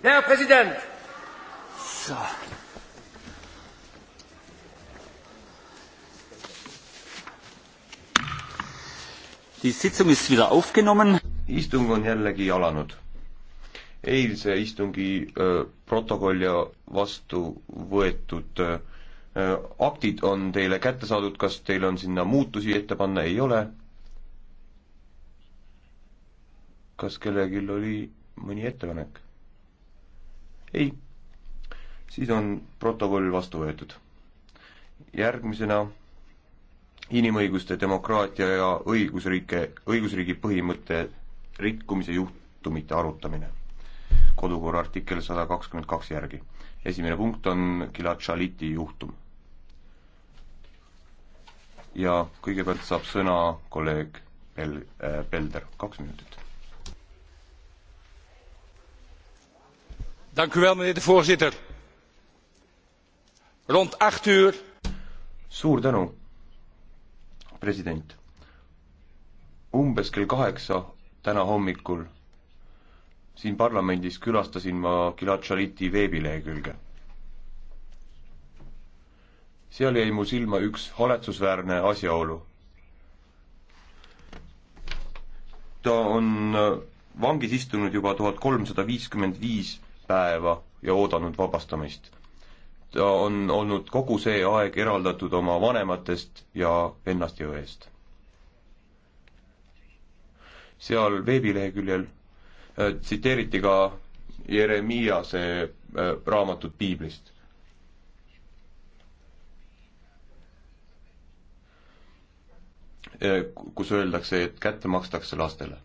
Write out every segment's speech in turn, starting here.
Herr Präsident! So. Die Sitzung ist wieder aufgenommen. istung on jällegi alanud. eilse istungi öö, äh, protokoll ja vastu võetud öö, äh, aktid on teile kätte saadud, kas teil on sinna muutusi ette panna, ei ole? kas kellelgi oli mõni ettepanek? ei, siis on protokoll vastu võetud. järgmisena inimõiguste, demokraatia ja õigusriike, õigusriigi põhimõtte rikkumise juhtumite arutamine. kodukorra artikkel sada kakskümmend kaks järgi. esimene punkt on Gilad Šaliti juhtum. ja kõigepealt saab sõna kolleeg Bel-, Belder, äh, kaks minutit voorzitter rond acht uur. suur tänu president umbes kell kaheksa täna hommikul siin parlamendis külastasin ma Gilad Šaliti veebilehekülge. seal jäi mu silma üks haletsusväärne asjaolu. ta on vangis istunud juba tuhat kolmsada viiskümmend viis päeva ja oodanud vabastamist. ta on olnud kogu see aeg eraldatud oma vanematest ja vennast jõe eest. seal veebileheküljel äh, tsiteeriti ka Jeremiase äh, raamatut piiblist. Äh, kus öeldakse, et kätte makstakse lastele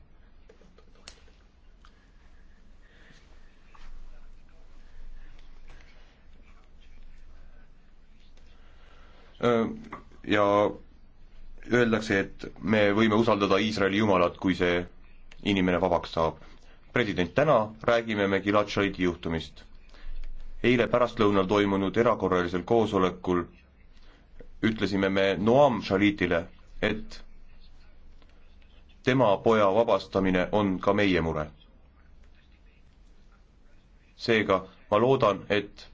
ja öeldakse, et me võime usaldada Iisraeli jumalat, kui see inimene vabaks saab. president, täna räägime me Gilad Shaidi juhtumist. eile pärastlõunal toimunud erakorralisel koosolekul ütlesime me Noam Shalitile, et tema poja vabastamine on ka meie mure. seega ma loodan, et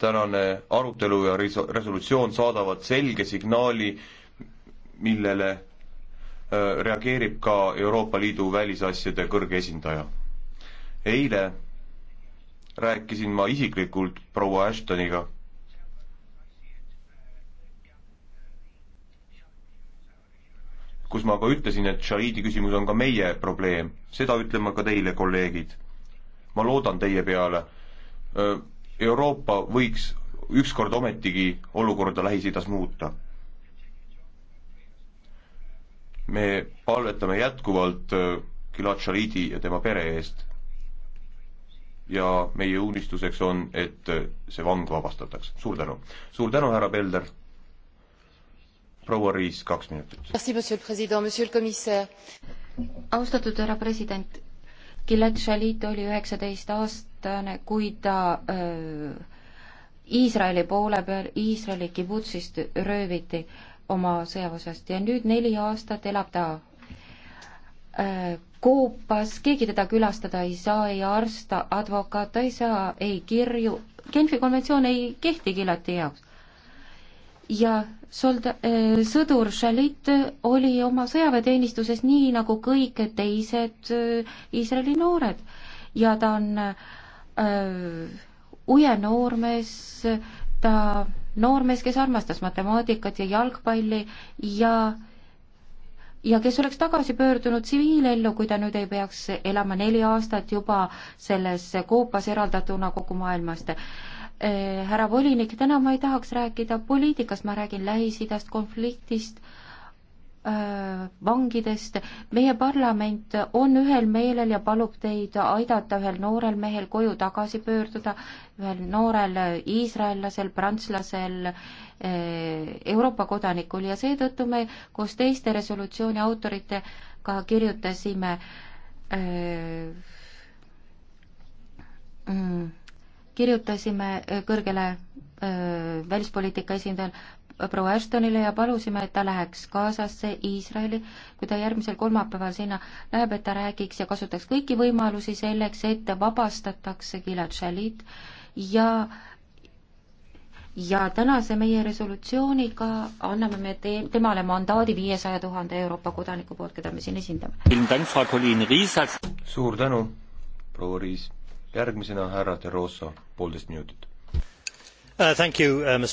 tänane arutelu ja resolutsioon saadavad selge signaali, millele äh, reageerib ka Euroopa Liidu välisasjade kõrge esindaja. eile rääkisin ma isiklikult proua Ashtoniga. kus ma ka ütlesin, et Shahidi küsimus on ka meie probleem, seda ütlen ma ka teile, kolleegid. ma loodan teie peale äh, Euroopa võiks ükskord ometigi olukorda Lähis-Idas muuta. me palvetame jätkuvalt äh, Gilad Shalidi ja tema pere eest ja meie unistuseks on, et äh, see vang vabastataks. suur tänu. suur tänu, härra Pelder. proua Riis, kaks minutit. austatud härra president, Gilad Shalit oli üheksateist aastat teatane, kui ta äh, Iisraeli poole peal, Iisraeli kibutsist rööviti oma sõjaväeosast ja nüüd neli aastat elab ta öö, äh, koopas, keegi teda külastada ei saa, ei arsta, advokaat, ta ei saa ei kirju, Genfi konventsioon ei kehti Gilati jaoks. ja solda-, äh, sõdur Shalit oli oma sõjaväeteenistuses nii nagu kõik teised Iisraeli noored ja ta on äh, Äh, uje noormees, ta noormees, kes armastas matemaatikat ja jalgpalli ja ja kes oleks tagasi pöördunud tsiviilellu, kui ta nüüd ei peaks elama neli aastat juba selles koopas eraldatuna kogu maailmast. Äh, härra volinik, täna ma ei tahaks rääkida poliitikast, ma räägin Lähis-Idast konfliktist äh, Äh, vangidest. meie parlament on ühel meelel ja palub teid aidata ühel noorel mehel koju tagasi pöörduda, ühel noorel iisraellasel, prantslasel, äh, Euroopa kodanikul ja seetõttu me koos teiste resolutsiooni autoritega kirjutasime öö, äh, mm, kirjutasime kõrgele öö, välispoliitika esindajale proua Ashtonile ja palusime, et ta läheks Gazasse, Iisraeli, kui ta järgmisel kolmapäeval sinna läheb, et ta räägiks ja kasutaks kõiki võimalusi selleks, et vabastatakse Gilad Shalit ja ja tänase meie resolutsiooniga anname me te temale mandaadi viiesaja tuhande Euroopa kodaniku poolt, keda me siin esindame. suur tänu, proua Riis. järgmisena härra De Rosa, poolteist minutit Uh, uh, uh,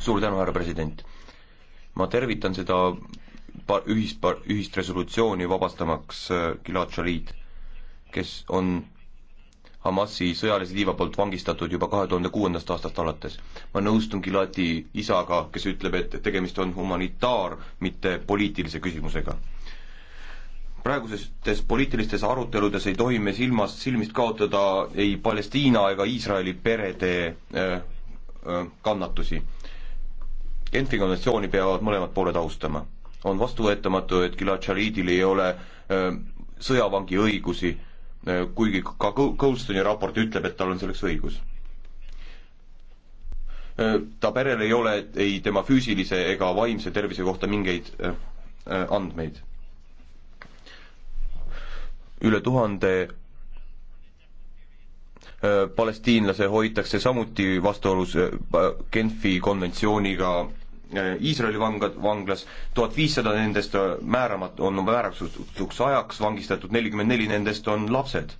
suur tänu, härra president! ma tervitan seda par-, ühis-, ühist resolutsiooni vabastamaks Gilad Shalit, kes on Hamasi sõjalise liiva poolt vangistatud juba kahe tuhande kuuendast aastast alates. ma nõustun Gilati isaga, kes ütleb, et tegemist on humanitaar, mitte poliitilise küsimusega praegustes poliitilistes aruteludes ei tohi me silmast, silmist kaotada ei Palestiina ega Iisraeli perede äh, äh, kannatusi. Genfi konventsiooni peavad mõlemad pooled austama. on vastuvõetamatu, et Gilad Sharidil ei ole äh, sõjavangi õigusi äh,, kuigi ka Goldstoni raport ütleb, et tal on selleks õigus äh,. ta perel ei ole ei tema füüsilise ega vaimse tervise kohta mingeid äh, äh andmeid üle tuhande äh, palestiinlase hoitakse samuti vastuolus äh, Genfi konventsiooniga äh, Iisraeli vangad, vanglas, tuhat viissada nendest määramat-, on määratuks ajaks vangistatud, nelikümmend neli nendest on lapsed.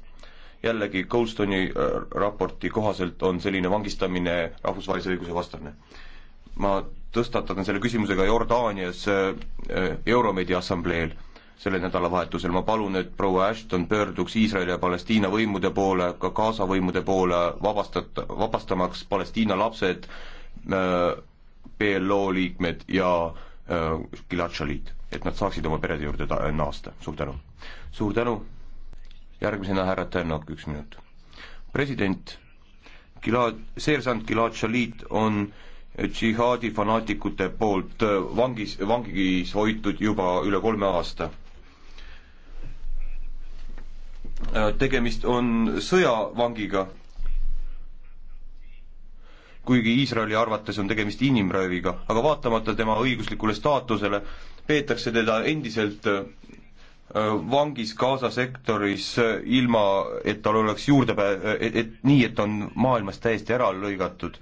jällegi, Goldstone'i raporti kohaselt on selline vangistamine rahvusvahelise õiguse vastane. ma tõstatan selle küsimusega Jordaanias Euromedi assambleel sellel nädalavahetusel, ma palun, et proua Ashton pöörduks Iisraeli ja Palestiina võimude poole, ka Gaza võimude poole, vabastat-, vabastamaks Palestiina lapsed, PLO äh, liikmed ja äh, Gilad Shalit, et nad saaksid oma perede juurde ta-, naasta, suur tänu. suur tänu, järgmisena härra Tänak, üks minut. president Gilad, seersant Gilad Shalit on džihaadi fanaatikute poolt vangis, vangis hoitud juba üle kolme aasta Äh, tegemist on sõjavangiga. kuigi Iisraeli arvates on tegemist inimrööviga, aga vaatamata tema õiguslikule staatusele peetakse teda endiselt äh, vangis Gaza sektoris ilma, et tal oleks juurdepää-, äh, et, et nii, et on maailmast täiesti ära lõigatud.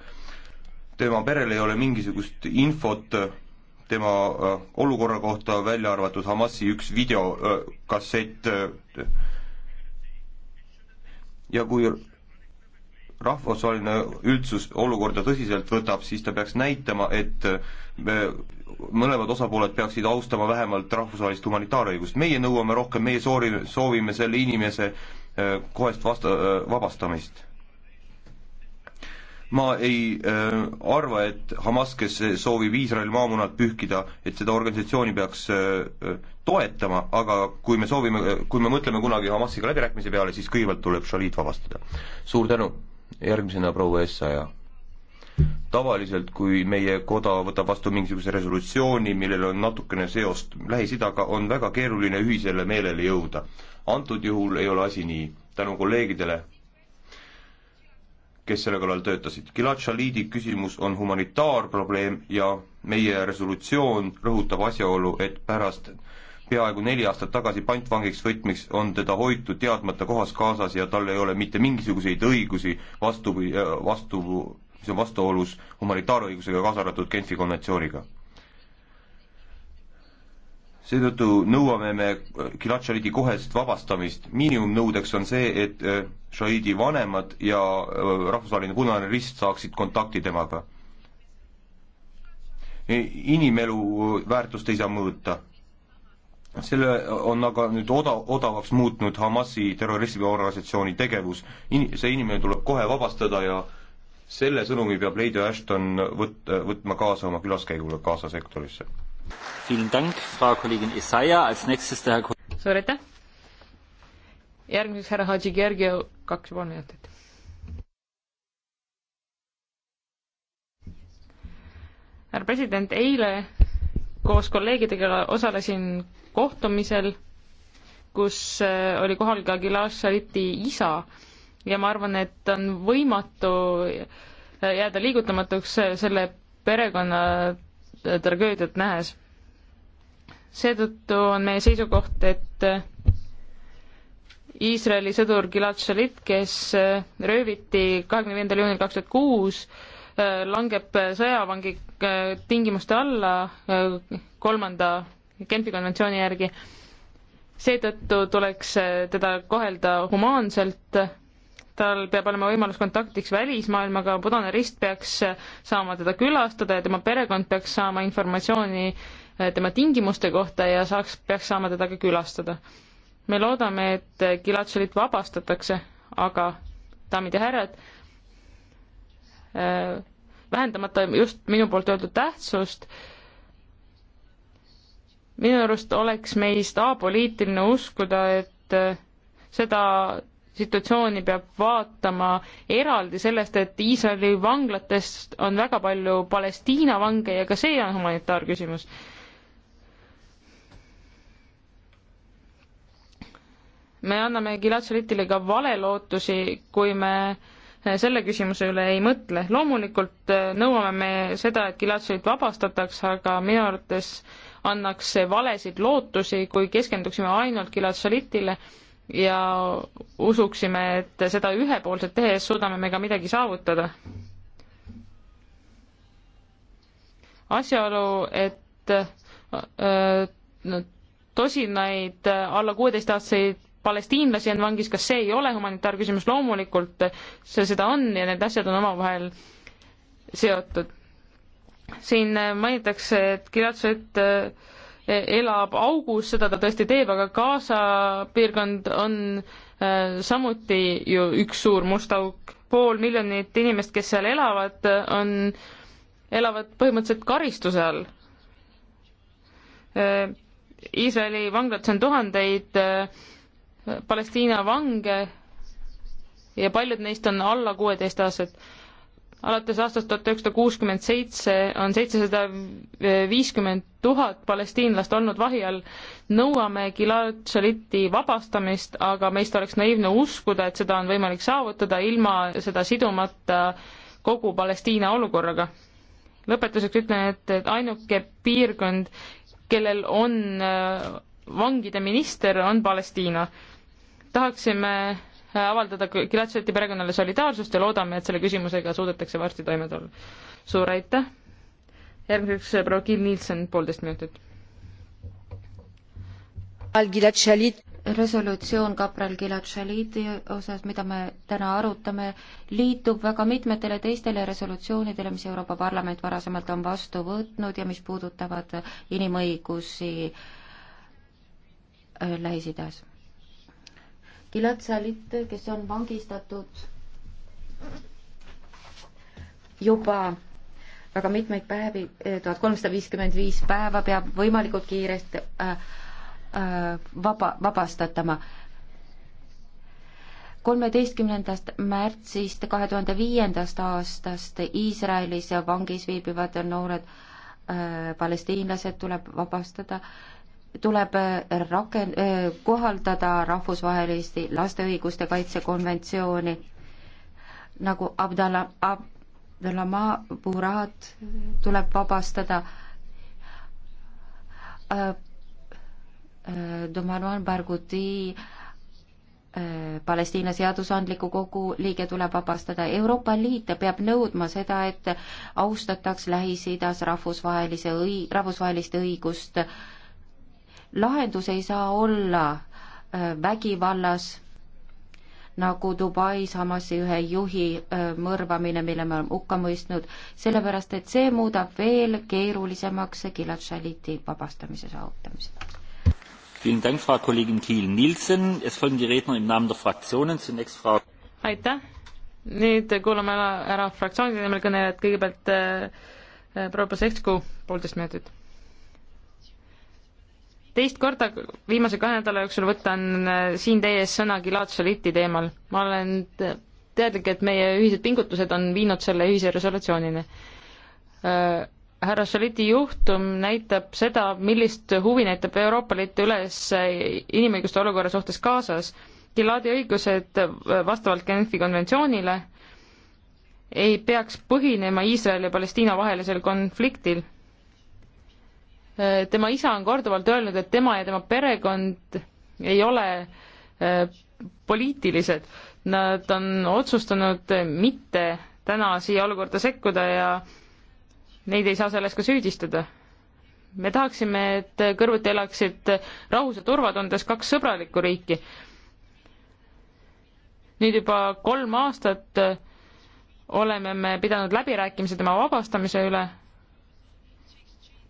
tema perel ei ole mingisugust infot tema olukorra kohta, välja arvatud Hamasi üks videokassett äh, ja kui rahvusvaheline üldsus olukorda tõsiselt võtab, siis ta peaks näitama, et me, äh, mõlemad osapooled peaksid austama vähemalt rahvusvahelist humanitaarõigust. meie nõuame rohkem, meie soovime, soovime selle inimese äh, kohest vasta-, äh, vabastamist ma ei äh, arva, et Hamas, kes soovib Iisraeli maamunalt pühkida, et seda organisatsiooni peaks äh, äh, toetama, aga kui me soovime, kui me mõtleme kunagi Hamasiga läbirääkimise peale, siis kõigepealt tuleb Shalit vabastada. suur tänu, järgmisena proua Essaja. tavaliselt, kui meie koda võtab vastu mingisuguse resolutsiooni, millel on natukene seost Lähis-Idaga, on väga keeruline ühisele meelele jõuda. antud juhul ei ole asi nii, tänu kolleegidele kes selle kallal töötasid. Gilad Shalidi küsimus on humanitaarprobleem ja meie resolutsioon rõhutab asjaolu, et pärast peaaegu neli aastat tagasi pantvangiks võtmiks on teda hoitud teadmata kohas kaasas ja tal ei ole mitte mingisuguseid õigusi vastu või vastu, mis on vastuolus humanitaarõigusega, kaasa arvatud Genfi konventsiooniga seetõttu nõuame me Gilad Šalidi kohest vabastamist. miinimumnõudeks on see, et äh, Šaidi vanemad ja äh, rahvusvaheline Punane Rist saaksid kontakti temaga. E, inimelu äh, väärtust ei saa mõõta. selle on aga nüüd oda-, odavaks muutnud Hamasi terrorismiorganisatsiooni tegevus. In-, see inimene tuleb kohe vabastada ja selle sõnumi peab Lady Ashton võt-, võtma kaasa oma külaskäigule Gaza sektorisse suur aitäh! järgmiseks härra Hadži Georgiev, kaks ja pool minutit. härra president, eile koos kolleegidega osalesin kohtumisel, kus äh, oli kohal ka Gilad Šariti isa ja ma arvan, et on võimatu äh, jääda liigutamatuks äh, selle perekonna tragöödiat nähes. seetõttu on meie seisukoht, et Iisraeli sõdur Gilad Shalit, kes rööviti kahekümne viiendal juunil kaks tuhat kuus, langeb sõjavangi äh, tingimuste alla äh, kolmanda Genfi konventsiooni järgi. seetõttu tuleks äh, teda kohelda humaanselt tal peab olema võimalus kontaktiks välismaailmaga, Punane Rist peaks äh, saama teda külastada ja tema perekond peaks saama informatsiooni äh, tema tingimuste kohta ja saaks, peaks saama teda ka külastada. me loodame, et Gilatšelit äh, vabastatakse, aga daamid ja härrad, vähendamata just minu poolt öeldud tähtsust, minu arust oleks meist apoliitiline uskuda, et seda situatsiooni peab vaatama eraldi sellest, et Iisraeli vanglatest on väga palju Palestiina vange ja ka see on humanitaarküsimus. me anname Gilad Šalitile ka valelootusi, kui me selle küsimuse üle ei mõtle. loomulikult äh, nõuame me seda, et Gilad Šalit vabastatakse, aga minu arvates annaks see valesid lootusi, kui keskenduksime ainult Gilad Šalitile ja usuksime, et seda ühepoolselt tehes suudame me ka midagi saavutada. asjaolu, et äh, no, tosinaid alla kuueteistaastaseid palestiinlasi on vangis, kas see ei ole humanitaarküsimus, loomulikult see seda on ja need asjad on omavahel seotud. siin mainitakse, et Gilad Svet äh, elab augus, seda ta tõesti teeb, aga Gaza piirkond on äh, samuti ju üks suur must auk. pool miljonit inimest, kes seal elavad, on, elavad põhimõtteliselt karistuse all. Äh, Iisraeli vanglates on tuhandeid äh, Palestiina vange ja paljud neist on alla kuueteistaastased alates aastast tuhat üheksasada kuuskümmend seitse on seitsesada viiskümmend tuhat palestiinlast olnud vahi all. nõuame Gilad Šaliti vabastamist, aga meist oleks naiivne uskuda, et seda on võimalik saavutada ilma seda sidumata kogu Palestiina olukorraga. lõpetuseks ütlen, et, et ainuke piirkond, kellel on äh, vangide minister, on Palestiina. tahaksime avaldada Gilatseti perekonnale solidaarsust ja loodame, et selle küsimusega suudetakse varsti toime tulla. suur aitäh! järgmiseks äh, proua Kill Nielsen, poolteist minutit. resolutsioon kapral Gilad Shaliti osas, mida me täna arutame, liitub väga mitmetele teistele resolutsioonidele, mis Euroopa Parlament varasemalt on vastu võtnud ja mis puudutavad inimõigusi äh, Lähis-Idas Gilad Salit, kes on vangistatud juba väga mitmeid päevi, eh, tuhat kolmsada viiskümmend viis päeva peab võimalikult kiiresti äh, äh, vaba, vabastatama. kolmeteistkümnendast märtsist kahe tuhande viiendast aastast Iisraelis vangis viibivad noored äh, palestiinlased tuleb vabastada äh, tuleb äh, raken-, äh, kohaldada rahvusvahelisi laste õiguste kaitsekonventsiooni nagu Abdallah, Abdallama Burat tuleb vabastada äh,. Äh, Domanuan Barguti äh, Palestiina seadusandliku kogu liige tuleb vabastada. Euroopa Liit peab nõudma seda, et austataks Lähis-Idas rahvusvahelise õi-, rahvusvahelist õigust äh, lahendus ei saa olla äh, vägivallas, nagu Dubais Hamasi ühe juhi äh, mõrvamine, mille me oleme hukka mõistnud, sellepärast et see muudab veel keerulisemaks Gilad Šaliti vabastamise saavutamise. aitäh, nüüd kuulame ära, ära fraktsioonide nimel kõnelejad, kõigepealt äh, äh proua Pasevsku, poolteist minutit teist korda viimase kahe nädala jooksul võtan äh, siin teie ees sõna Gilad Šaliti teemal. ma olen teadlik, et meie ühised pingutused on viinud selle ühise resolutsioonini. Äh, härra Šaliti juhtum näitab seda, millist huvi näitab Euroopa Liit üles äh, inimõiguste olukorra suhtes Gazas. Giladi õigused vastavalt Genfi konventsioonile ei peaks põhinema Iisraeli ja Palestiina vahelisel konfliktil Äh, tema isa on korduvalt öelnud, et tema ja tema perekond ei ole äh, poliitilised. Nad on otsustanud mitte täna siia olukorda sekkuda ja neid ei saa selles ka süüdistada. me tahaksime, et kõrvuti elaksid rahus ja turvatundes kaks sõbralikku riiki. nüüd juba kolm aastat oleme me pidanud läbirääkimisi tema vabastamise üle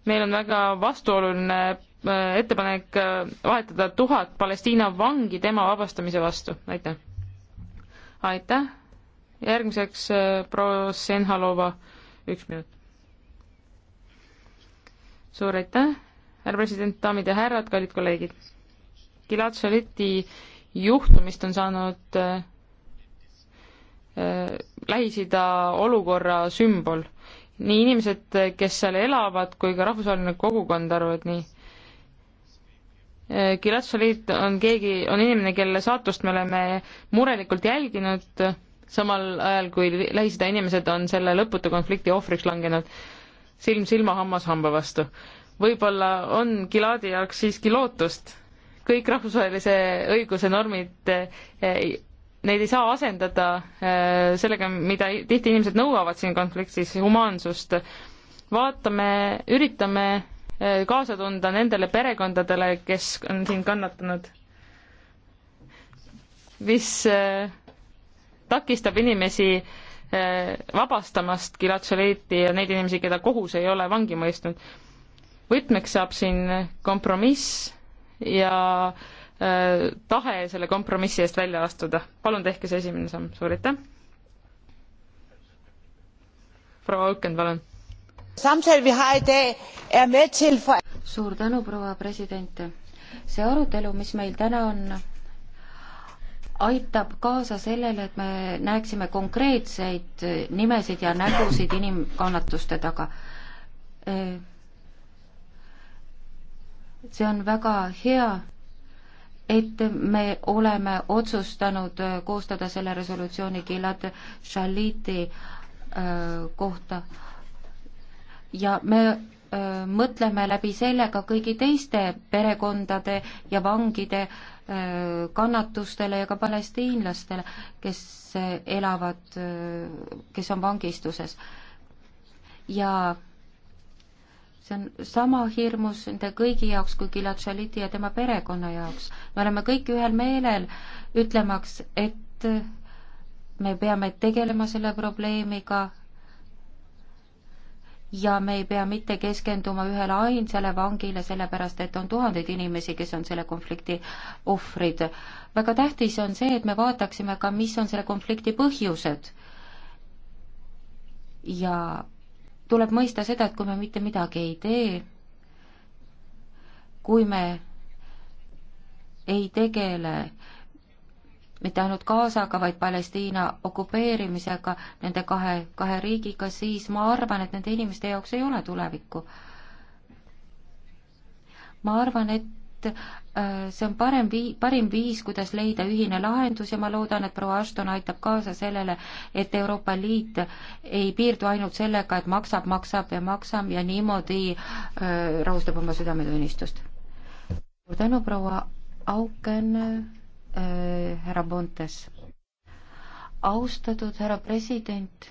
meil on väga vastuoluline äh, ettepanek äh, vahetada tuhat Palestiina vangi tema vabastamise vastu, aitäh. aitäh, järgmiseks äh, proua Senhalova, üks minut. suur aitäh, härra president, daamid ja härrad, kallid kolleegid. Gilad Šaliti juhtumist on saanud äh, Lähis-Ida olukorra sümbol nii inimesed, kes seal elavad, kui ka rahvusvaheline kogukond arvavad nii. Gilad eh, Shalit on keegi, on inimene, kelle saatust me oleme murelikult jälginud, samal ajal kui Lähis-Ida inimesed on selle lõputu konflikti ohvriks langenud silm silma, hammas hamba vastu. võib-olla on Giladi jaoks siiski lootust kõik rahvusvahelise õiguse normid eh, neid ei saa asendada äh, sellega, mida tihti inimesed nõuavad siin konfliktis, humaansust. vaatame, üritame äh, kaasa tunda nendele perekondadele, kes on siin kannatanud. mis äh, takistab inimesi vabastamast Gilatsoleeti ja neid inimesi, keda kohus ei ole vangi mõistnud. võtmeks saab siin kompromiss ja äh, Äh, tahe selle kompromissi eest välja astuda. palun tehke see esimene samm, suur aitäh. proua Auken, palun. suur tänu, proua president. see arutelu, mis meil täna on, aitab kaasa sellele, et me näeksime konkreetseid nimesid ja nägusid inimkannatuste taga äh, see on väga hea, et me oleme otsustanud koostada selle resolutsiooni Gilad Shaliti äh, kohta. ja me äh, mõtleme läbi selle ka kõigi teiste perekondade ja vangide äh, kannatustele ja ka palestiinlastele, kes elavad, kes on vangistuses. ja see on sama hirmus nende kõigi jaoks kui Gilad Šaliti ja tema perekonna jaoks. me oleme kõik ühel meelel, ütlemaks, et me peame tegelema selle probleemiga ja me ei pea mitte keskenduma ühele ainsale vangile, sellepärast et on tuhandeid inimesi, kes on selle konflikti ohvrid. väga tähtis on see, et me vaataksime ka, mis on selle konflikti põhjused. ja tuleb mõista seda, et kui me mitte midagi ei tee, kui me ei tegele mitte ainult Gazaga, vaid Palestiina okupeerimisega, nende kahe, kahe riigiga, siis ma arvan, et nende inimeste jaoks ei ole tulevikku. ma arvan, et et äh, see on parem vii-, parim viis, kuidas leida ühine lahendus ja ma loodan, et proua Ashton aitab kaasa sellele, et Euroopa Liit ei piirdu ainult sellega, et maksab, maksab ja maksab ja niimoodi äh, rahustab oma südametunnistust. suur tänu, proua Auken, äh, härra Bontes. austatud härra president,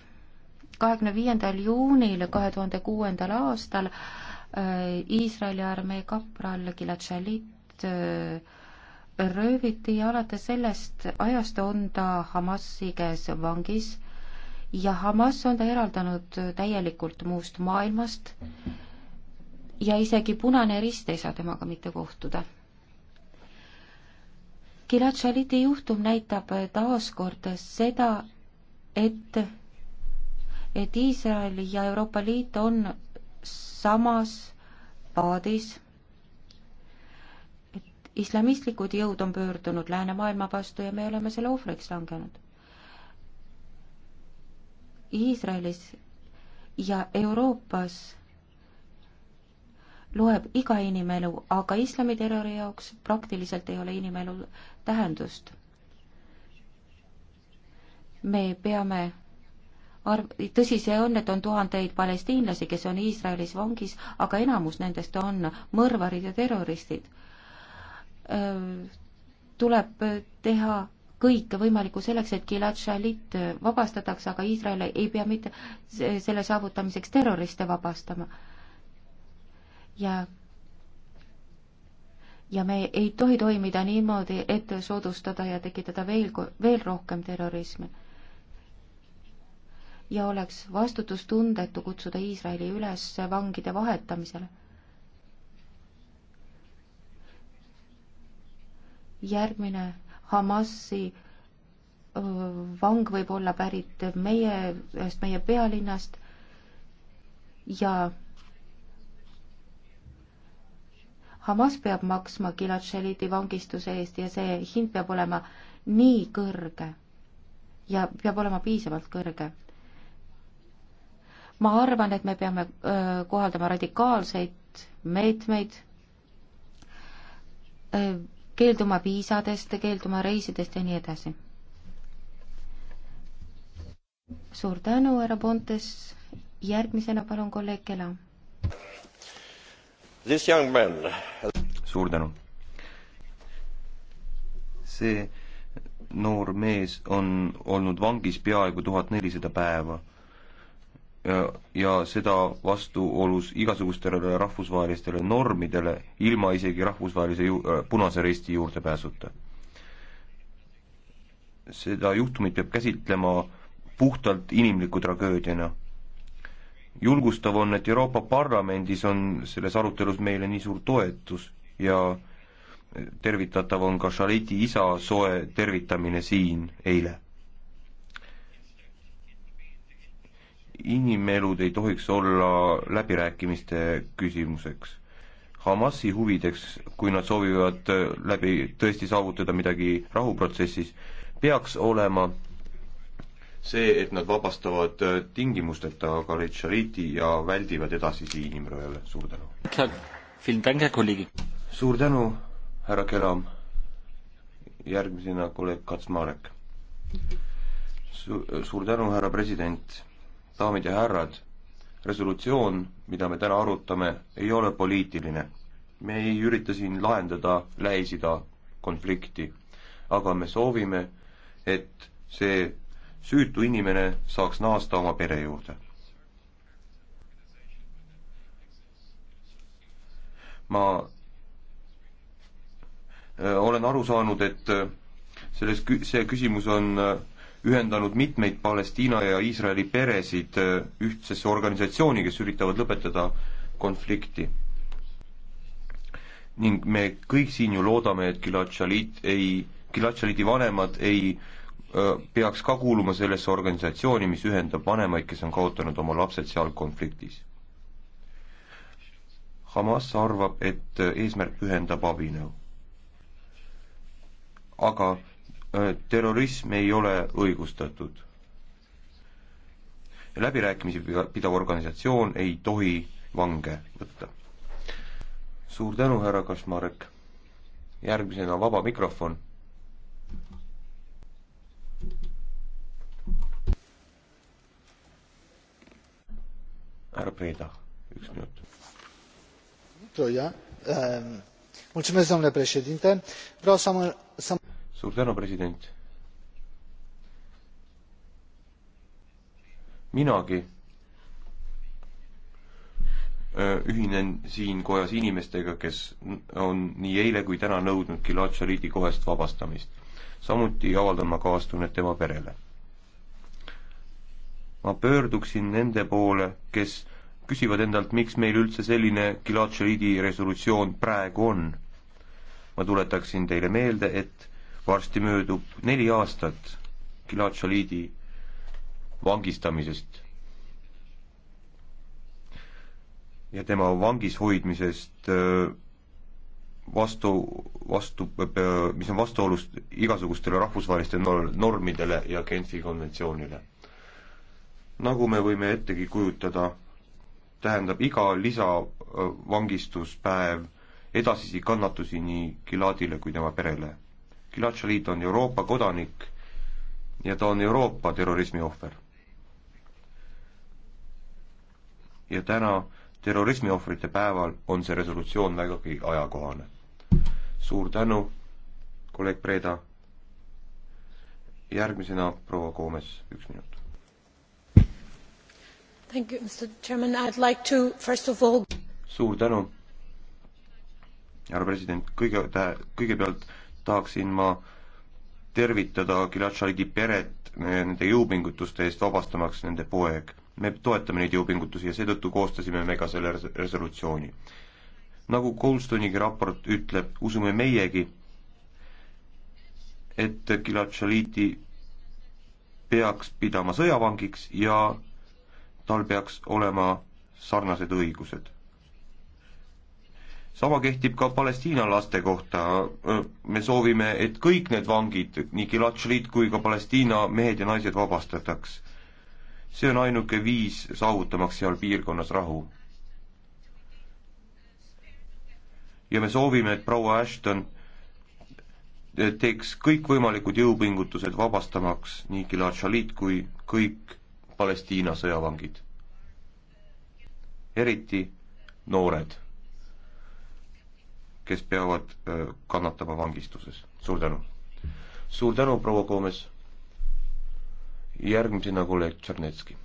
kahekümne viiendal juunil kahe tuhande kuuendal aastal äh, Äh, Iisraeli armee kapral Gilad Shalit äh, rööviti ja alates sellest ajast on ta Hamasi käes vangis ja Hamas on ta eraldanud täielikult muust maailmast ja isegi Punane Rist ei saa temaga mitte kohtuda. Gilad Shaliti juhtum näitab taaskord seda, et, et Iisrael ja Euroopa Liit on samas paadis, et islamistlikud jõud on pöördunud läänemaailma vastu ja me oleme selle ohvriks langenud. Iisraelis ja Euroopas loeb iga inimelu, aga islamiterrori jaoks praktiliselt ei ole inimelu tähendust. me peame arv, tõsi see on, et on tuhandeid palestiinlasi, kes on Iisraelis vangis, aga enamus nendest on mõrvarid ja terroristid. Tuleb teha kõike võimalikku selleks, et Gilad Shalit vabastatakse, aga Iisrael ei pea mitte selle saavutamiseks terroriste vabastama. ja ja me ei tohi toimida niimoodi, et soodustada ja tekitada veel, veel rohkem terrorismi ja oleks vastutustundetu kutsuda Iisraeli üles vangide vahetamisele. järgmine Hamasi vang võib olla pärit meie, ühest meie pealinnast ja Hamas peab maksma Gilad Shaliti vangistuse eest ja see hind peab olema nii kõrge ja peab olema piisavalt kõrge ma arvan, et me peame kohaldama radikaalseid meetmeid, keelduma viisadest, keelduma reisidest ja nii edasi. suur tänu, härra Pontes, järgmisena palun kolleeg Kela. suur tänu. see noor mees on olnud vangis peaaegu tuhat nelisada päeva ja, ja seda vastuolus igasugustele rahvusvahelistele normidele, ilma isegi rahvusvahelise ju-, äh, Punase Risti juurdepääsuta. seda juhtumit peab käsitlema puhtalt inimliku tragöödiana. julgustav on, et Euroopa Parlamendis on selles arutelus meile nii suur toetus ja tervitatav on ka Shaliti isa soe tervitamine siin eile inimelud ei tohiks olla läbirääkimiste küsimuseks. Hamasi huvideks, kui nad soovivad läbi tõesti saavutada midagi rahuprotsessis, peaks olema see, et nad vabastavad tingimusteta Khalid Shariti ja väldivad edasisi inimrööle. suur tänu! suur tänu, härra Kelam! järgmisena kolleeg Kats Marek. Su-, suur tänu, härra president! daamid ja härrad, resolutsioon, mida me täna arutame, ei ole poliitiline. me ei ürita siin lahendada Lähis-Ida konflikti, aga me soovime, et see süütu inimene saaks naasta oma pere juurde. ma äh, olen aru saanud, et äh, selles, see küsimus on äh, ühendanud mitmeid Palestiina ja Iisraeli peresid äh, ühtsesse organisatsiooni, kes üritavad lõpetada konflikti. ning me kõik siin ju loodame, et Gilad Shalit ei, Gilad Shaliti vanemad ei äh, peaks ka kuuluma sellesse organisatsiooni, mis ühendab vanemaid, kes on kaotanud oma lapsed seal konfliktis. Hamas arvab, et äh, eesmärk pühendab abinõu. aga Äh, terrorism ei ole õigustatud. läbirääkimisi pidav organisatsioon ei tohi vange võtta. suur tänu, härra Kašmarek. järgmisena vaba mikrofon. härra Preeda, üks minut. Troia, mulțumesc, domnule președinte. Vreau să mă, să suur tänu, president. minagi ühinen siin kojas inimestega, kes on nii eile kui täna nõudnud Gilad Šalidi kohest vabastamist. samuti avaldan ma kaastunnet tema perele. ma pöörduksin nende poole, kes küsivad endalt, miks meil üldse selline Gilad Šalidi resolutsioon praegu on. ma tuletaksin teile meelde, et varsti möödub neli aastat Gilad Shalidi vangistamisest ja tema vangis hoidmisest äh, vastu, vastu, äh, mis on vastuolus igasugustele rahvusvahelistele normidele ja Genfi konventsioonile. nagu me võime ettegi kujutada, tähendab iga lisavangistuspäev äh, edasisi kannatusi nii Giladile kui tema perele Gilad Shalit on Euroopa kodanik ja ta on Euroopa terrorismi ohver. ja täna terrorismiohvrite päeval on see resolutsioon vägagi ajakohane. suur tänu, kolleeg Breda. järgmisena proua Koomes, üks minut. Thank you, Mr Chairman, I would like to first of all suur tänu, härra president, kõige, kõigepealt tahaksin ma tervitada Gilad Šalgi peret nende jõupingutuste eest, vabastamaks nende poeg. me toetame neid jõupingutusi ja seetõttu koostasime me ka selle res-, resolutsiooni. nagu Goldstone'i raport ütleb, usume meiegi, et Gilad Šaliti peaks pidama sõjavangiks ja tal peaks olema sarnased õigused sama kehtib ka Palestiina laste kohta. me soovime, et kõik need vangid, nii Gilad Shalit kui ka Palestiina mehed ja naised vabastataks. see on ainuke viis saavutamaks seal piirkonnas rahu. ja me soovime, et proua Ashton teeks kõikvõimalikud jõupingutused vabastamaks nii Gilad Shalit kui kõik Palestiina sõjavangid. eriti noored kes peavad äh, kannatama vangistuses. suur tänu. suur tänu, proua Koomes. järgmisena kolleeg Tšernetski.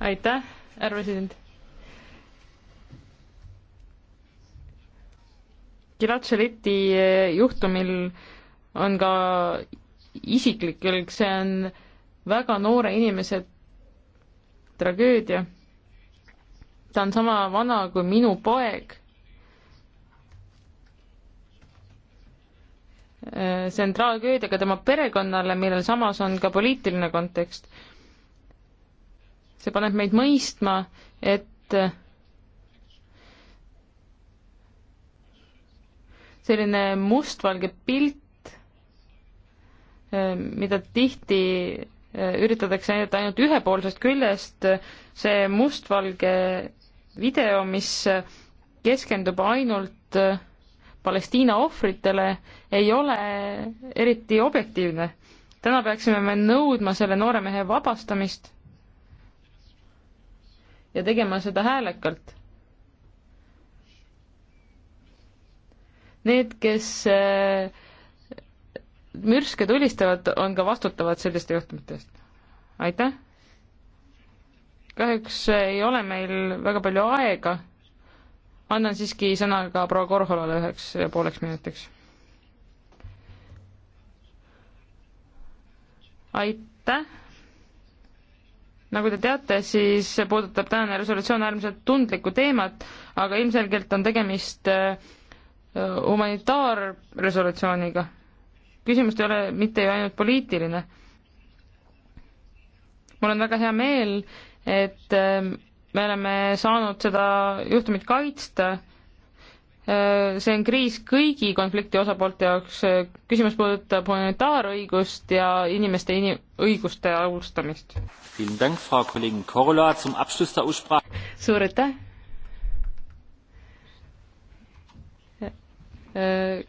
aitäh, härra president. Gilatšeliti äh, juhtumil on ka isiklik külg, see on väga noore inimese tragöödia. ta on sama vana kui minu poeg. see on tragöödia ka tema perekonnale, millel samas on ka poliitiline kontekst. see paneb meid mõistma, et selline mustvalge pilt, mida tihti üritatakse näidata ainult ühepoolsest küljest, see mustvalge video, mis keskendub ainult Palestiina ohvritele, ei ole eriti objektiivne. täna peaksime me nõudma selle noore mehe vabastamist ja tegema seda häälekalt. Need, kes äh, mürske tulistavad, on ka vastutavad selliste juhtumite eest. aitäh! kahjuks ei ole meil väga palju aega, annan siiski sõna ka proua Korholale üheks pooleks minutiks. aitäh! nagu te teate, siis puudutab tänane resolutsioon äärmiselt tundlikku teemat, aga ilmselgelt on tegemist äh, humanitaarresolutsiooniga küsimus ei ole mitte ju ainult poliitiline. mul on väga hea meel, et ähm, me oleme saanud seda juhtumit kaitsta. Äh, see on kriis kõigi konflikti osapoolte jaoks. küsimus puudutab humanitaarõigust ja inimeste inim-, õiguste austamist. suur aitäh! Äh,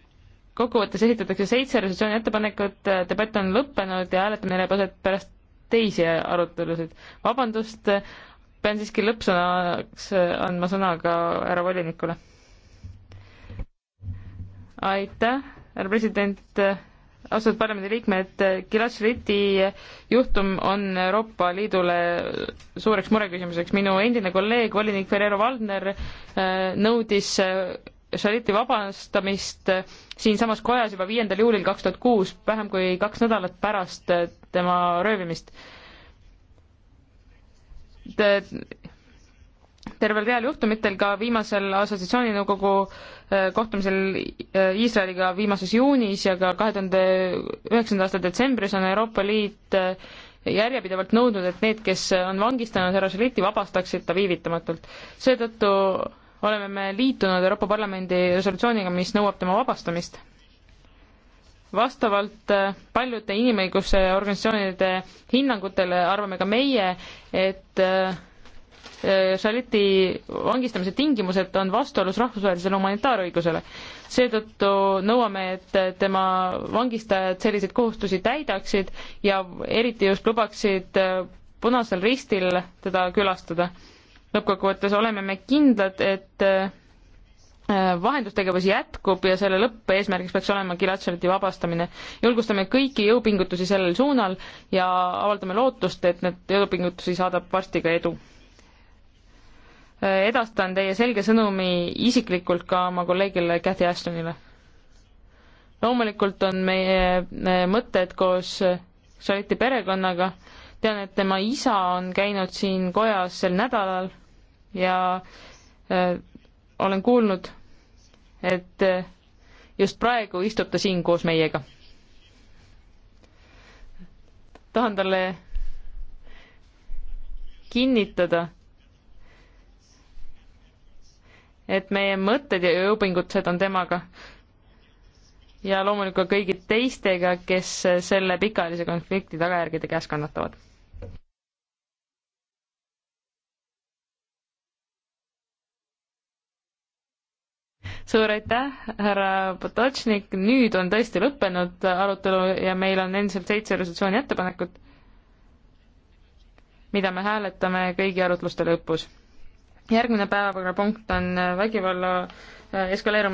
kokkuvõttes esitatakse seitse resolutsiooni ettepanekut, debatt on lõppenud ja hääletamine leiab aset pärast teisi arutelusid. vabandust, pean siiski lõppsõnaks andma sõna ka härra volinikule. aitäh, härra president, austatud parlamendiliikmed, Gilad Šriti juhtum on Euroopa Liidule suureks mureküsimuseks. minu endine kolleeg, volinik Ferrero Valdner nõudis Shariti vabastamist siinsamas kojas juba viiendal juulil kaks tuhat kuus, vähem kui kaks nädalat pärast äh, tema röövimist Te,. tervel real juhtumitel ka viimasel assotsiatsiooninõukogu äh, kohtumisel äh, Iisraeliga viimases juunis ja ka kahe tuhande üheksanda aasta detsembris on Euroopa Liit järjepidevalt nõudnud, et need, kes on vangistanud härra Šaliti, vabastaksid ta viivitamatult. seetõttu oleme me liitunud Euroopa Parlamendi resolutsiooniga, mis nõuab tema vabastamist. vastavalt äh, paljude inimõiguse organisatsioonide hinnangutele arvame ka meie, et Shaliti äh, äh, vangistamise tingimused on vastuolus rahvusvahelisele humanitaarõigusele. seetõttu nõuame, et tema vangistajad selliseid kohustusi täidaksid ja eriti just lubaksid Punasel Ristil teda külastada lõppkokkuvõttes oleme me kindlad, et äh, äh, vahendustegevus jätkub ja selle lõppeesmärgiks peaks olema Gilatševiti vabastamine. julgustame kõiki jõupingutusi sellel suunal ja avaldame lootust, et need jõupingutusi saadab varsti ka edu. Äh, edastan teie selge sõnumi isiklikult ka oma kolleegile Cathy Ashtonile. loomulikult on meie mõtted koos Šaliti perekonnaga tean, et tema isa on käinud siin kojas sel nädalal ja äh, olen kuulnud, et äh, just praegu istub ta siin koos meiega. tahan talle kinnitada, et meie mõtted ja õpingutused on temaga ja loomulikult kõigi teistega, kes selle pikaajalise konflikti tagajärgede käes kannatavad suur aitäh, härra Potočnik, nüüd on tõesti lõppenud arutelu ja meil on endiselt seitse resolutsiooni ettepanekut, mida me hääletame kõigi arutluste lõpus. järgmine päevakorrapunkt on äh, vägivalla äh, eskaleerumine